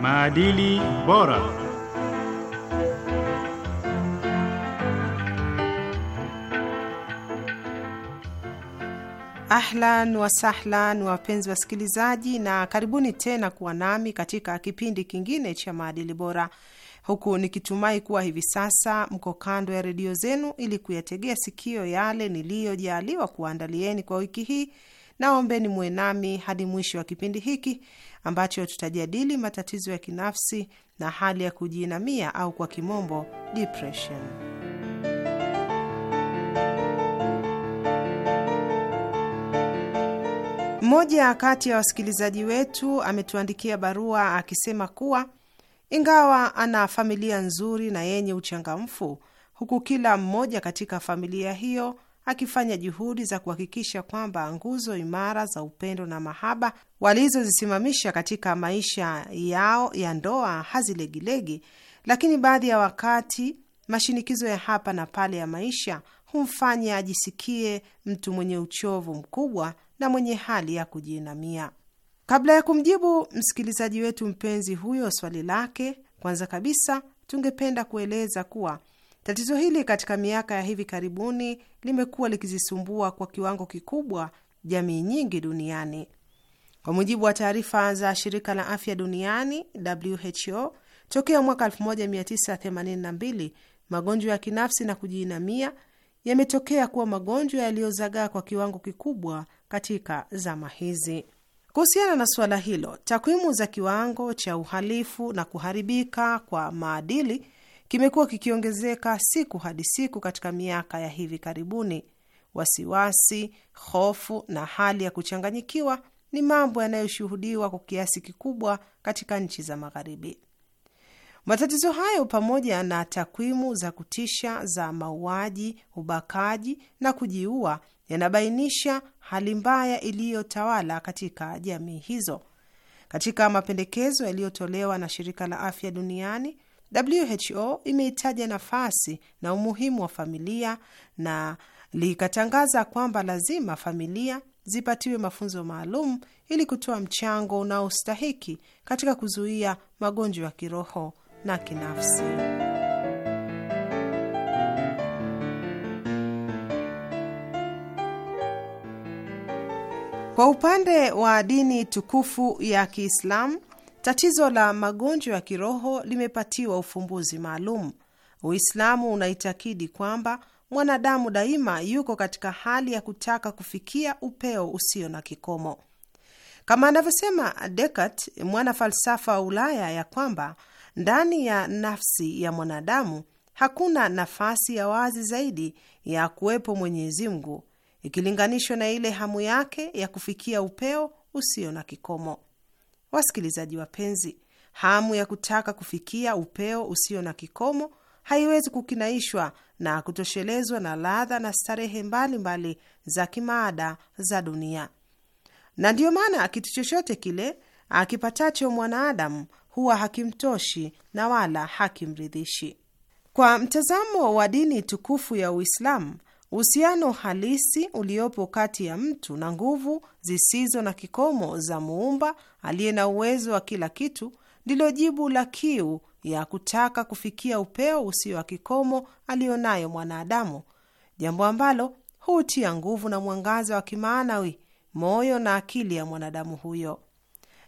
Maadili Bora. Ahlan wasahlan, wapenzi wasikilizaji, na karibuni tena kuwa nami katika kipindi kingine cha maadili bora, huku nikitumai kuwa hivi sasa mko kando ya redio zenu ili kuyategea sikio yale niliyojaaliwa kuwaandalieni kwa wiki hii. Naombeni muwe nami hadi mwisho wa kipindi hiki ambacho tutajadili matatizo ya kinafsi na hali ya kujiinamia au kwa kimombo depression. Mmoja kati ya wasikilizaji wetu ametuandikia barua akisema kuwa ingawa ana familia nzuri na yenye uchangamfu, huku kila mmoja katika familia hiyo akifanya juhudi za kuhakikisha kwamba nguzo imara za upendo na mahaba walizozisimamisha katika maisha yao ya ndoa hazilegilegi, lakini baadhi ya wakati mashinikizo ya hapa na pale ya maisha humfanya ajisikie mtu mwenye uchovu mkubwa na mwenye hali ya kujiinamia. Kabla ya kumjibu msikilizaji wetu mpenzi huyo swali lake, kwanza kabisa tungependa kueleza kuwa tatizo hili katika miaka ya hivi karibuni limekuwa likizisumbua kwa kiwango kikubwa jamii nyingi duniani. Kwa mujibu wa taarifa za shirika la afya duniani WHO, tokea mwaka 1982 magonjwa ya kinafsi na kujiinamia yametokea kuwa magonjwa yaliyozagaa kwa kiwango kikubwa katika zama hizi. Kuhusiana na suala hilo, takwimu za kiwango cha uhalifu na kuharibika kwa maadili kimekuwa kikiongezeka siku hadi siku katika miaka ya hivi karibuni. Wasiwasi, hofu na hali ya kuchanganyikiwa ni mambo yanayoshuhudiwa kwa kiasi kikubwa katika nchi za Magharibi. Matatizo hayo pamoja na takwimu za kutisha za mauaji, ubakaji na kujiua yanabainisha hali mbaya iliyotawala katika jamii hizo. Katika mapendekezo yaliyotolewa na shirika la afya duniani WHO imeitaja nafasi na umuhimu wa familia na likatangaza kwamba lazima familia zipatiwe mafunzo maalum ili kutoa mchango unaostahiki katika kuzuia magonjwa ya kiroho na kinafsi. Kwa upande wa dini tukufu ya Kiislamu, tatizo la magonjwa ya kiroho limepatiwa ufumbuzi maalum. Uislamu unaitakidi kwamba mwanadamu daima yuko katika hali ya kutaka kufikia upeo usio na kikomo, kama anavyosema Descartes, mwana falsafa wa Ulaya, ya kwamba ndani ya nafsi ya mwanadamu hakuna nafasi ya wazi zaidi ya kuwepo Mwenyezi Mungu ikilinganishwa na ile hamu yake ya kufikia upeo usio na kikomo. Wasikilizaji wapenzi, hamu ya kutaka kufikia upeo usio na kikomo haiwezi kukinaishwa na kutoshelezwa na ladha na starehe mbalimbali mbali za kimaada za dunia, na ndiyo maana kitu chochote kile akipatacho mwanaadamu huwa hakimtoshi na wala hakimridhishi. Kwa mtazamo wa dini tukufu ya Uislamu, uhusiano halisi uliopo kati ya mtu na nguvu zisizo na kikomo za Muumba aliye na uwezo wa kila kitu ndilo jibu la kiu ya kutaka kufikia upeo usio wa kikomo aliyonayo mwanadamu, jambo ambalo hutia nguvu na mwangaza wa kimaanawi moyo na akili ya mwanadamu huyo.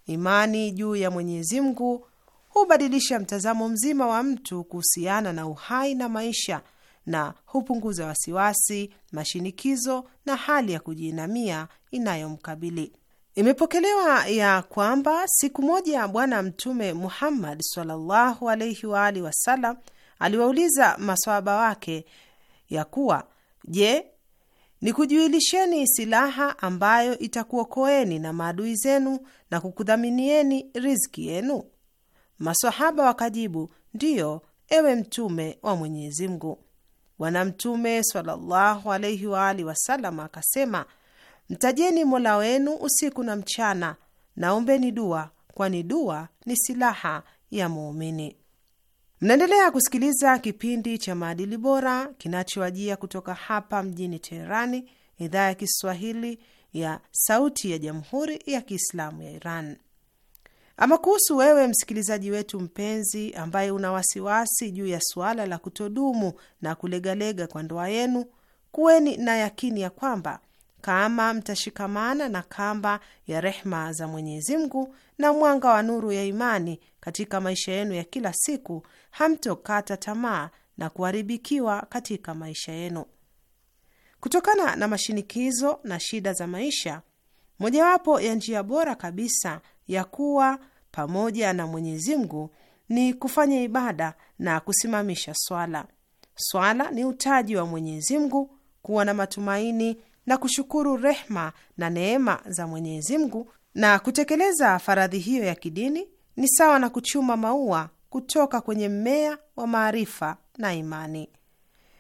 Imani juu ya Mwenyezi Mungu hubadilisha mtazamo mzima wa mtu kuhusiana na uhai na maisha na hupunguza wasiwasi, mashinikizo na hali ya kujiinamia inayomkabili. Imepokelewa ya kwamba siku moja Bwana Mtume Muhammad sallallahu alaihi wa alihi wasallam aliwauliza masoaba wake ya kuwa, je, ni kujuilisheni silaha ambayo itakuokoeni na maadui zenu na kukudhaminieni riziki yenu? Masahaba wakajibu, ndiyo, ewe Mtume wa Mwenyezi Mungu. Bwana Mtume sallallahu alaihi wasallam akasema, mtajeni mola wenu usiku na mchana, naombeni dua, kwani dua ni silaha ya muumini. Mnaendelea kusikiliza kipindi cha maadili bora kinachoajia kutoka hapa mjini Teherani, idhaa ya Kiswahili ya Sauti ya Jamhuri ya Kiislamu ya Iran. Ama kuhusu wewe msikilizaji wetu mpenzi, ambaye una wasiwasi juu ya suala la kutodumu na kulegalega kwa ndoa yenu, kuweni na yakini ya kwamba kama mtashikamana na kamba ya rehma za Mwenyezi Mungu na mwanga wa nuru ya imani katika maisha yenu ya kila siku, hamtokata tamaa na kuharibikiwa katika maisha yenu. Kutokana na mashinikizo na shida za maisha, mojawapo ya njia bora kabisa ya kuwa pamoja na Mwenyezi Mungu ni kufanya ibada na kusimamisha swala. Swala ni utaji wa Mwenyezi Mungu, kuwa na matumaini na kushukuru rehma na neema za Mwenyezi Mungu, na kutekeleza faradhi hiyo ya kidini ni sawa na kuchuma maua kutoka kwenye mmea wa maarifa na imani.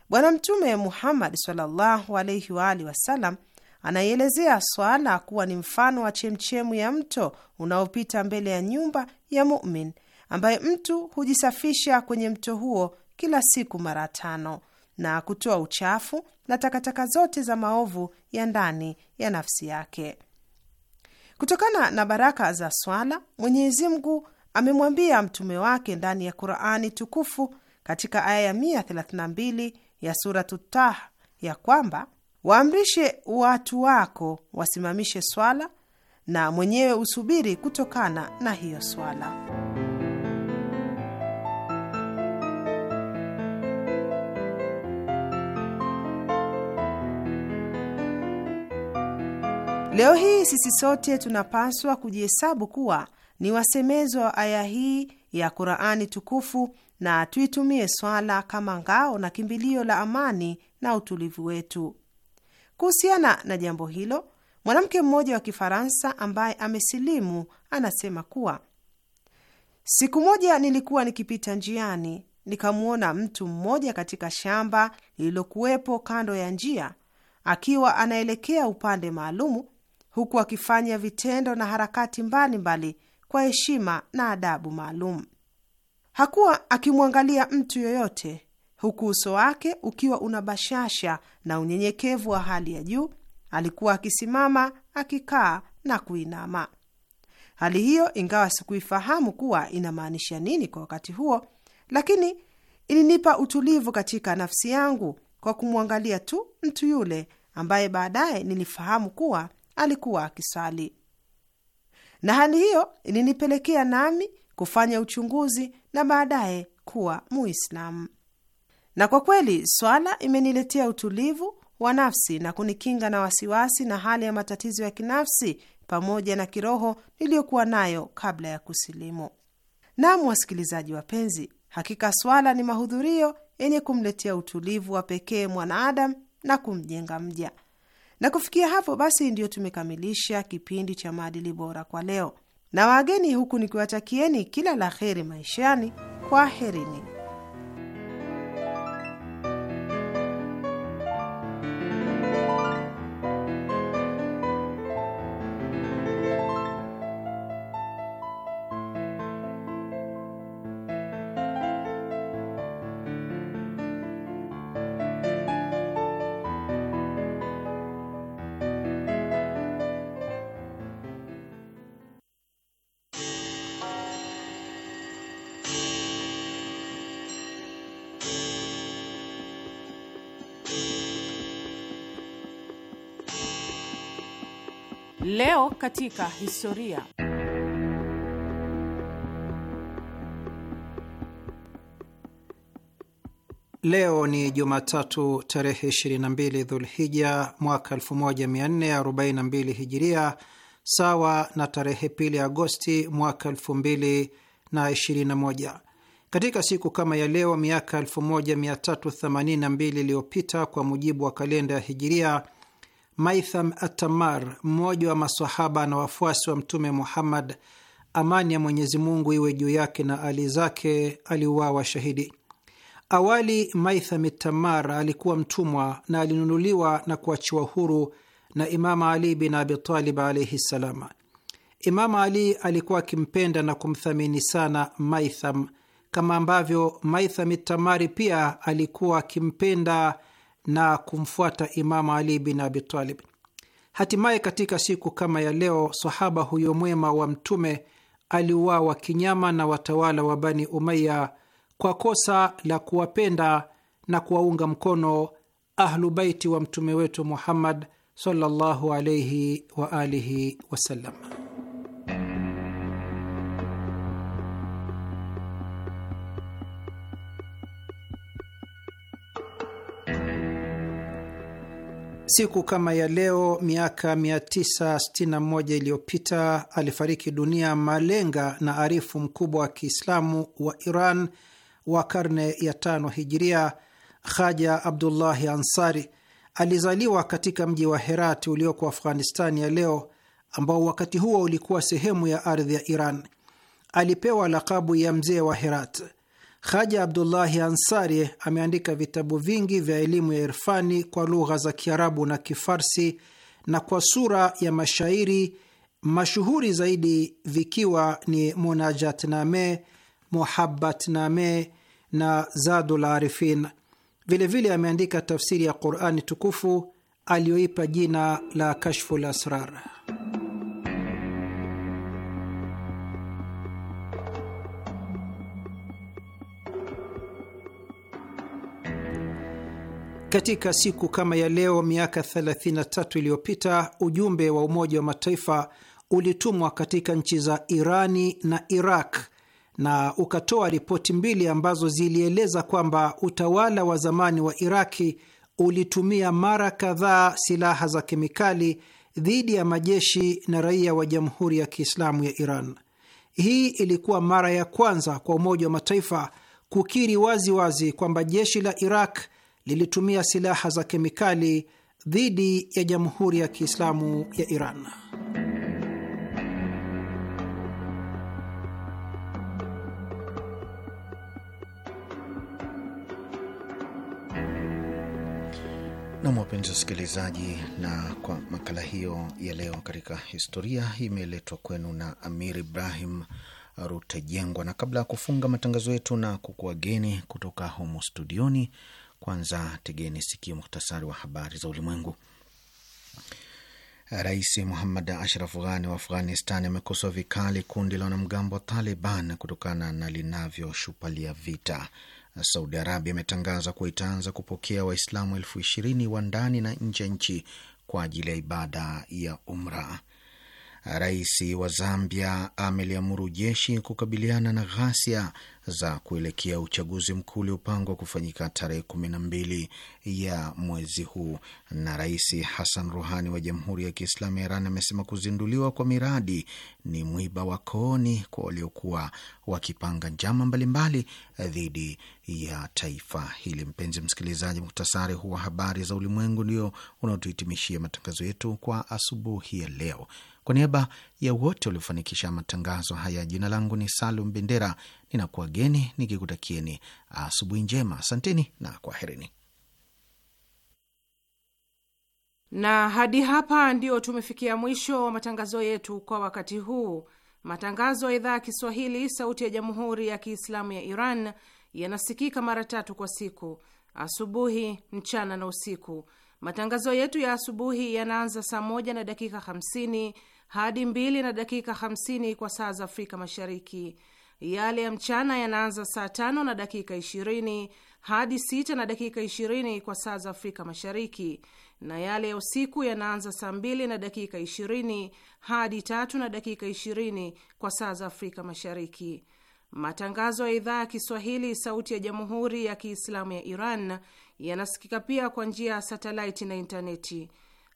Bwana Mtume Muhammad sallallahu alaihi wa alihi wasallam anaielezea swala kuwa ni mfano wa chemchemu ya mto unaopita mbele ya nyumba ya mumin ambaye mtu hujisafisha kwenye mto huo kila siku mara tano na kutoa uchafu na takataka zote za maovu ya ndani ya nafsi yake. Kutokana na baraka za swala, Mwenyezi Mungu amemwambia mtume wake ndani ya Qurani tukufu katika aya ya 132 ya Suratu Tah ya kwamba waamrishe watu wako wasimamishe swala na mwenyewe usubiri kutokana na hiyo swala. Leo hii sisi sote tunapaswa kujihesabu kuwa ni wasemezwa wa aya hii ya Qur'ani tukufu na tuitumie swala kama ngao na kimbilio la amani na utulivu wetu. Kuhusiana na jambo hilo, mwanamke mmoja wa Kifaransa ambaye amesilimu anasema kuwa siku moja nilikuwa nikipita njiani nikamwona mtu mmoja katika shamba lililokuwepo kando ya njia akiwa anaelekea upande maalumu huku akifanya vitendo na harakati mbalimbali mbali kwa heshima na adabu maalum. Hakuwa akimwangalia mtu yoyote, huku uso wake ukiwa una bashasha na unyenyekevu wa hali ya juu. Alikuwa akisimama, akikaa na kuinama. Hali hiyo, ingawa sikuifahamu kuwa inamaanisha nini kwa wakati huo, lakini ilinipa utulivu katika nafsi yangu kwa kumwangalia tu mtu yule ambaye baadaye nilifahamu kuwa alikuwa akisali, na hali hiyo ilinipelekea nami kufanya uchunguzi na baadaye kuwa Muislamu. Na kwa kweli swala imeniletea utulivu wa nafsi na kunikinga na wasiwasi na hali ya matatizo ya kinafsi pamoja na kiroho niliyokuwa nayo kabla ya kusilimu. Naam, wasikilizaji wapenzi, hakika swala ni mahudhurio yenye kumletea utulivu wa pekee mwanaadamu na kumjenga mja na kufikia hapo basi, ndiyo tumekamilisha kipindi cha maadili bora kwa leo na wageni, huku nikiwatakieni kila la heri maishani. Kwaherini. Leo katika historia. Leo ni Jumatatu tarehe 22 Dhulhija mwaka 1442 Hijiria, sawa na tarehe 2 Agosti mwaka 2021. Katika siku kama ya leo miaka 1382 iliyopita kwa mujibu wa kalenda ya Hijiria, Maitham Atamar, mmoja wa masahaba na wafuasi wa Mtume Muhammad, amani ya Mwenyezi Mungu iwe juu yake na ali zake, aliuawa shahidi. Awali Maitham Tamar alikuwa mtumwa na alinunuliwa na kuachiwa huru na Imama Ali bin Abitalib alaihi ssalam. Imama Ali alikuwa akimpenda na kumthamini sana Maitham kama ambavyo Maitham Tamari pia alikuwa akimpenda na kumfuata Imamu Ali bin Abi Talib. Hatimaye katika siku kama ya leo, sahaba huyo mwema wa Mtume aliuawa kinyama na watawala wa Bani Umaya kwa kosa la kuwapenda na kuwaunga mkono ahlubaiti wa mtume wetu Muhammad sallallahu alaihi wa alihi wasallam. Siku kama ya leo miaka 961 iliyopita alifariki dunia malenga na arifu mkubwa wa Kiislamu wa Iran wa karne ya tano hijiria, Haja Abdullahi Ansari. Alizaliwa katika mji wa Herat ulioko Afghanistani ya leo, ambao wakati huo ulikuwa sehemu ya ardhi ya Iran. Alipewa lakabu ya mzee wa Herat. Haja Abdullahi Ansari ameandika vitabu vingi vya elimu ya irfani kwa lugha za Kiarabu na Kifarsi na kwa sura ya mashairi, mashuhuri zaidi vikiwa ni name Munajatname, name na Zadul Arifin. Vilevile ameandika tafsiri ya Qurani tukufu aliyoipa jina la Kashful Asrar. Katika siku kama ya leo miaka 33 iliyopita ujumbe wa Umoja wa Mataifa ulitumwa katika nchi za Irani na Iraq na ukatoa ripoti mbili ambazo zilieleza kwamba utawala wa zamani wa Iraki ulitumia mara kadhaa silaha za kemikali dhidi ya majeshi na raia wa Jamhuri ya Kiislamu ya Iran. Hii ilikuwa mara ya kwanza kwa Umoja wa Mataifa kukiri wazi wazi kwamba jeshi la Iraq lilitumia silaha za kemikali dhidi ya Jamhuri ya Kiislamu ya Iran. Nam, wapenzi wasikilizaji, na kwa makala hiyo ya leo katika historia imeletwa kwenu na Amir Ibrahim rutejengwa na kabla ya kufunga matangazo yetu na kukuageni kutoka humo studioni kwanza tegeni sikio muhtasari wa habari za ulimwengu. Rais Muhammad Ashraf Ghani wa Afghanistan amekosoa vikali kundi la wanamgambo wa Taliban kutokana na linavyoshupalia vita. Saudi Arabia imetangaza kuwa itaanza kupokea Waislamu elfu ishirini wa ndani na nje ya nchi kwa ajili ya ibada ya Umra. Rais wa Zambia ameliamuru jeshi kukabiliana na ghasia za kuelekea uchaguzi mkuu uliopangwa kufanyika tarehe kumi na mbili ya mwezi huu. Na Rais Hassan Ruhani wa Jamhuri ya Kiislamu ya Iran amesema kuzinduliwa kwa miradi ni mwiba wa kooni kwa waliokuwa wakipanga njama mbalimbali dhidi ya taifa hili. Mpenzi msikilizaji, muktasari huu wa habari za ulimwengu ndio unaotuhitimishia matangazo yetu kwa asubuhi ya leo. Kwa niaba ya wote waliofanikisha matangazo haya, jina langu ni Salum Bendera, ninakuageni nikikutakieni asubuhi njema. Asanteni na kwaherini. Na hadi hapa ndio tumefikia mwisho wa matangazo yetu kwa wakati huu. Matangazo ya idhaa ya Kiswahili, Sauti ya Jamhuri ya Kiislamu ya Iran yanasikika mara tatu kwa siku: asubuhi, mchana na usiku. Matangazo yetu ya asubuhi yanaanza saa moja na dakika hamsini hadi mbili na dakika hamsini kwa saa za Afrika Mashariki. Yale ya mchana yanaanza saa tano na dakika ishirini hadi sita na dakika ishirini kwa saa za Afrika Mashariki, na yale ya usiku yanaanza saa mbili na dakika ishirini hadi tatu na dakika ishirini kwa saa za Afrika Mashariki. Matangazo ya idhaa ya Kiswahili sauti ya Jamhuri ya Kiislamu ya Iran yanasikika pia kwa njia ya satelaiti na intaneti.